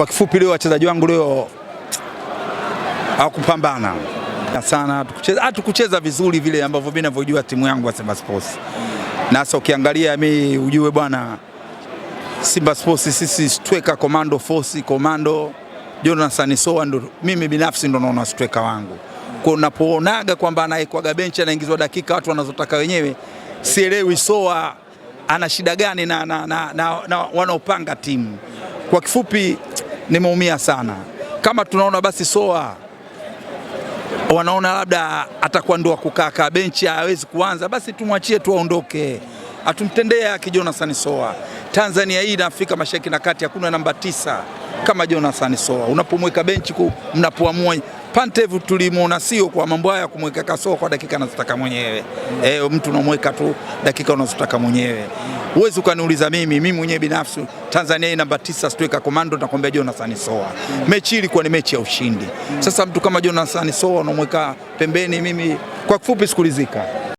Kwa kifupi, leo wachezaji wangu leo hawakupambana sana, hatukucheza ah, vizuri vile ambavyo mimi ninavyojua timu yangu ya Simba Sports. Na sasa ukiangalia mimi ujue bwana, Simba Sports sisi striker commando force commando Jonathan Soa ndo mimi binafsi ndo naona striker wangu. Kwa unapoonaga kwamba anaekwaga benchi anaingizwa dakika watu wanazotaka wenyewe, sielewi Soa ana shida gani na, na, na, na, na wanaopanga timu. Kwa kifupi nimeumia sana. Kama tunaona basi soa, wanaona labda atakuwa ndo kukaa benchi, hawezi kuanza, basi tumwachie tu aondoke, atumtendee haki Jonathan Soa. Tanzania hii na Afrika Mashariki na Kati hakuna namba tisa kama Jonathan Soa. Unapomweka benchi, mnapoamua Pantev tulimuona sio kwa mambo haya kumweka Kasoo kwa dakika anazotaka mwenyewe E, mtu unamweka tu dakika unazotaka mwenyewe huwezi ukaniuliza mimi mimi mwenyewe binafsi Tanzania namba tisa situeka komando nakwambia Jonathan Soa mechi mechi ilikuwa ni mechi ya ushindi Sasa mtu kama Jonathan Soa unamweka pembeni, mimi kwa kifupi sikulizika.